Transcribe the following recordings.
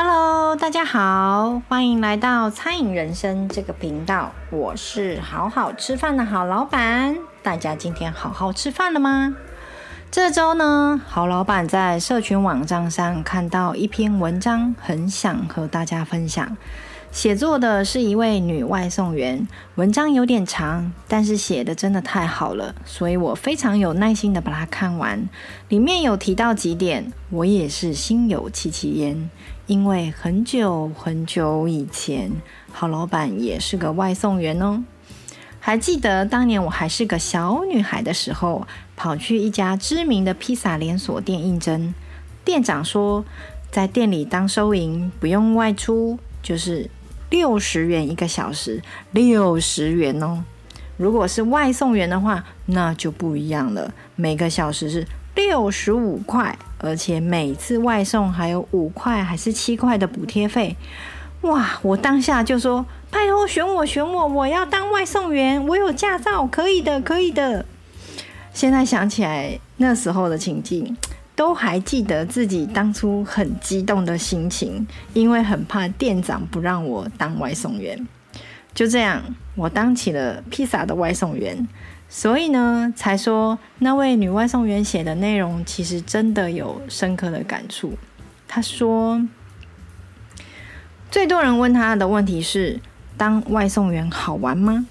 Hello，大家好，歡迎來到餐飲人生這個頻道。我是好好吃飯的好老闆。大家今天好好吃飯了嗎？這週呢，好老闆在社群網站上看到一篇文章，很想和大家分享。寫作的是一位女外送員，文章有點長，但是寫的真的太好了，所以我非常有耐心的把它看完。裡面有提到幾點，我也是心有戚戚焉。因為很久很久以前，好老闆也是個外送員哦。還記得當年我還是個小女孩的時候，跑去一家知名的披薩連鎖店應徵。店長說，在店裡當收銀不用外出，就是六十元一個小時，六十元哦。如果是外送員的話，那就不一樣了，每個小時是。六十五塊，而且每次外送還有五塊還是七塊的補貼費，哇！我當下就說：“拜托選我，選我，我要當外送員，我有駕照，可以的，可以的。”現在想起來，那時候的情景，都還記得自己當初很激動的心情，因為很怕店長不讓我當外送員。就這樣，我當起了披薩的外送員。所以呢，才說那位女外送員寫的內容其實真的有深刻的感觸。她說，最多人問她的問題是：當外送員好玩嗎？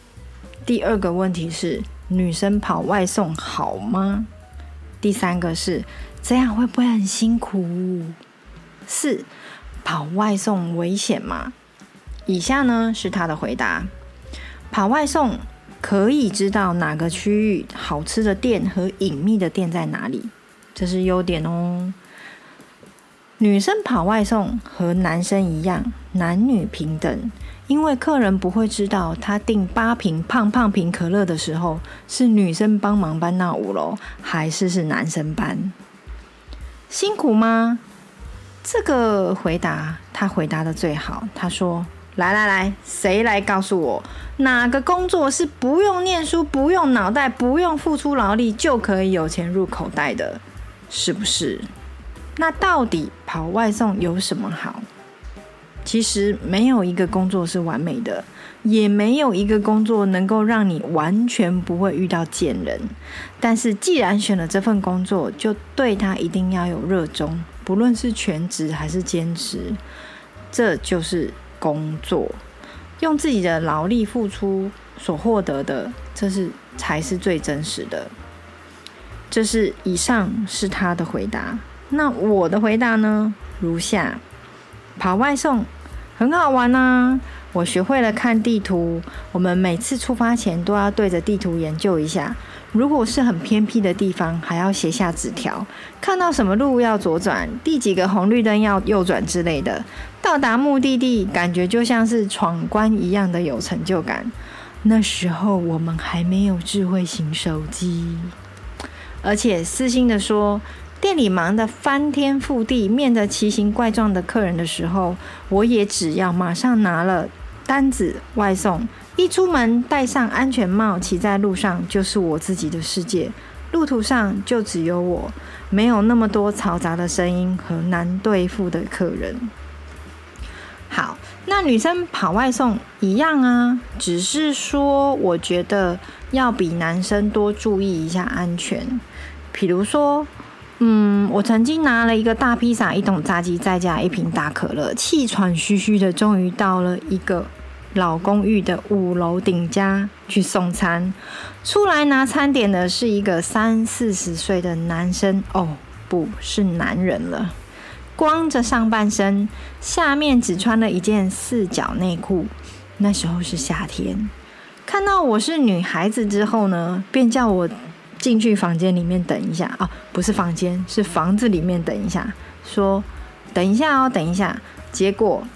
第二個問題是：女生跑外送好嗎？第三個是：這樣會不會很辛苦？四，跑外送危險嗎？以下呢是她的回答：跑外送。可以知道哪個區域好吃的店和隱秘的店在哪裡，這是優點哦。女生跑外送和男生一樣，男女平等，因為客人不會知道他訂八瓶胖胖瓶可樂的時候是女生幫忙搬到五樓，還是是男生搬。辛苦嗎？這個回答他回答得最好，他說：“來來來，誰來告訴我？”哪個工作是不用唸書、不用腦袋、不用付出勞力就可以有錢入口袋的？是不是？那到底跑外送有什麼好？其實沒有一個工作是完美的，也沒有一個工作能夠讓你完全不會遇到賤人。但是既然選了這份工作，就對它一定要有熱衷，不論是全職還是兼職，這就是工作。用自己的勞力付出所獲得的，這是才是最真實的。這是以上是他的回答。那我的回答呢？如下：跑外送很好玩啊，我學會了看地圖。我們每次出發前都要對着地圖研究一下。如果是很偏僻的地方，還要寫下紙條，看到什麼路要左轉，第幾個紅綠燈要右轉之類的。到達目的地，感覺就像是闖關一樣的有成就感。那時候我們還沒有智慧型手機，而且私心的說，店裡忙得翻天覆地，面對奇形怪狀的客人的時候，我也只要馬上拿了。單子外送，一出門戴上安全帽，騎在路上就是我自己的世界。路途上就只有我，沒有那麼多嘈雜的聲音和難對付的客人。好，那女生跑外送一樣啊，只是說我覺得要比男生多注意一下安全。譬如說，嗯，我曾經拿了一個大披薩、一桶炸雞，再加一瓶大可樂，氣喘吁吁的，終於到了一個。老公寓的五樓頂家去送餐，出來拿餐點的是一個三四十歲的男生哦，不是男人了，光着上半身，下面只穿了一件四角內褲。那時候是夏天，看到我是女孩子之後呢，便叫我進去房間裡面等一下啊，不是房間，是房子裡面等一下，說等一下哦，等一下。結果。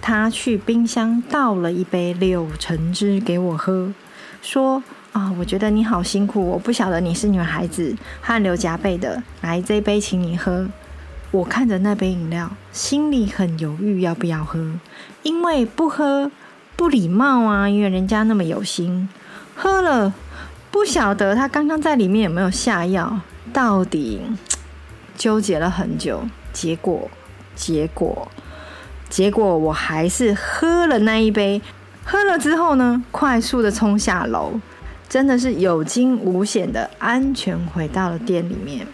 他去冰箱倒了一杯柳橙汁給我喝，說：“啊、哦，我覺得你好辛苦，我不曉得你是女孩子，汗流浹背的，來這杯請你喝。”我看着那杯飲料，心裡很猶豫要不要喝，因為不喝不禮貌啊，因為人家那麼有心。喝了，不曉得他剛剛在裡面有沒有下藥？到底糾結了很久，結果結果。結果我還是喝了那一杯，喝了之後呢，快速的衝下樓，真的是有驚無險的，安全回到了店裡面。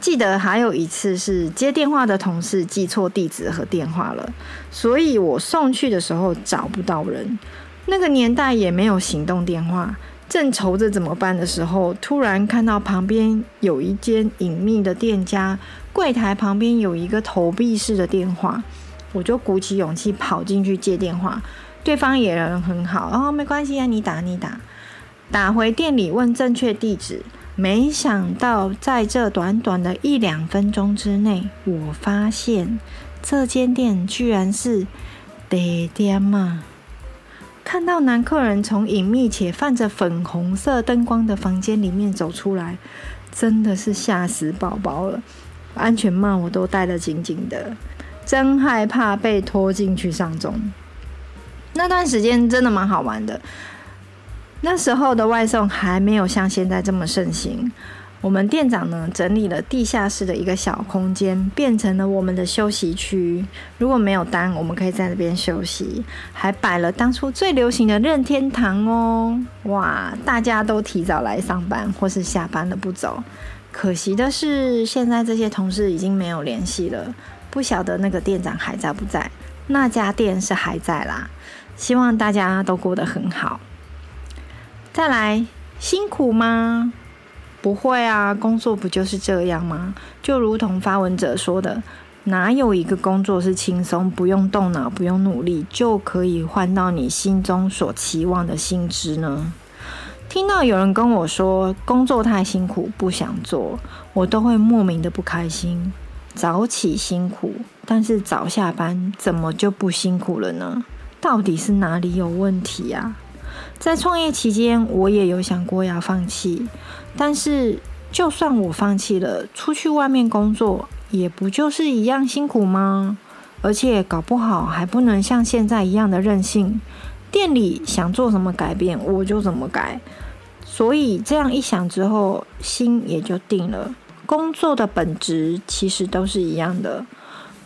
記得還有一次是接電話的同事記錯地址和電話了，所以我送去的時候找不到人。那個年代也沒有行動電話，正愁着怎麼辦的時候，突然看到旁邊有一間隱秘的店家，櫃檯旁邊有一個投幣式的電話。我就鼓起勇氣跑進去接電話，對方也人很好，哦，沒關係啊，你打你打，打回店裡問正確地址。沒想到在這短短的一兩分鐘之內，我發現這間店居然是爹爹嘛！看到男客人從隱秘且泛着粉紅色燈光的房間裡面走出來，真的是嚇死寶寶了，安全帽我都戴得緊緊的。真害怕被拖進去上鐘，那段時間真的蠻好玩的。那時候的外送還沒有像現在這麼盛行。我們店長呢，整理了地下室的一個小空間，變成了我們的休息區。如果沒有單，我們可以在那邊休息，還擺了當初最流行的任天堂哦。哇，大家都提早來上班或是下班了不走。可惜的是，現在這些同事已經沒有聯繫了。不曉得那個店長還在不在？那家店是還在啦。希望大家都過得很好。再來，辛苦嗎？不會啊，工作不就是這樣嗎？就如同發文者說的，哪有一個工作是輕鬆、不用動腦、不用努力就可以換到你心中所期望的薪資呢？聽到有人跟我說工作太辛苦不想做，我都會莫名的不開心。早起辛苦，但是早下班怎麼就不辛苦了呢？到底是哪裡有問題呀？在創業期間，我也有想過要放棄，但是就算我放棄了，出去外面工作，也不就是一樣辛苦嗎？而且搞不好還不能像現在一樣的任性，店裡想做什麼改變，我就怎麼改。所以這樣一想之後，心也就定了。工作的本質其實都是一樣的，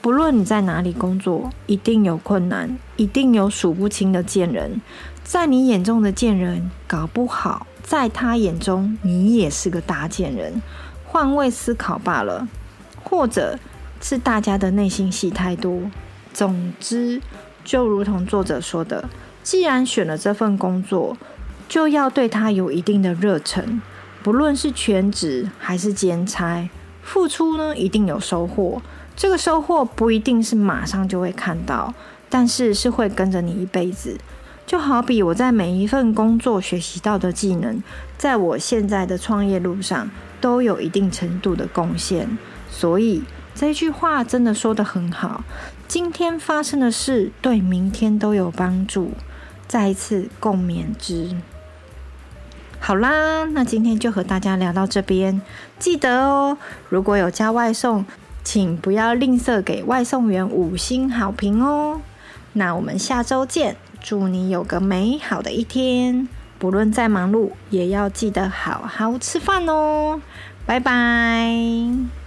不論你在哪裡工作，一定有困難，一定有數不清的賤人，在你眼中的賤人，搞不好在他眼中你也是個大賤人，換位思考罷了，或者是大家的內心戲太多。總之，就如同作者說的，既然選了這份工作，就要對他有一定的熱忱。不論是全職還是兼差，付出呢一定有收穫。這個收穫不一定是馬上就會看到，但是是會跟着你一輩子。就好比我在每一份工作學習到的技能，在我現在的創業路上都有一定程度的貢獻。所以這一句話真的說得很好：今天發生的事對明天都有幫助。再一次共勉之。好啦，那今天就和大家聊到這邊。記得哦，如果有叫外送，請不要吝嗇給外送員五星好評哦。那我們下週見，祝你有個美好的一天。不論再忙碌，也要記得好好吃飯哦。拜拜。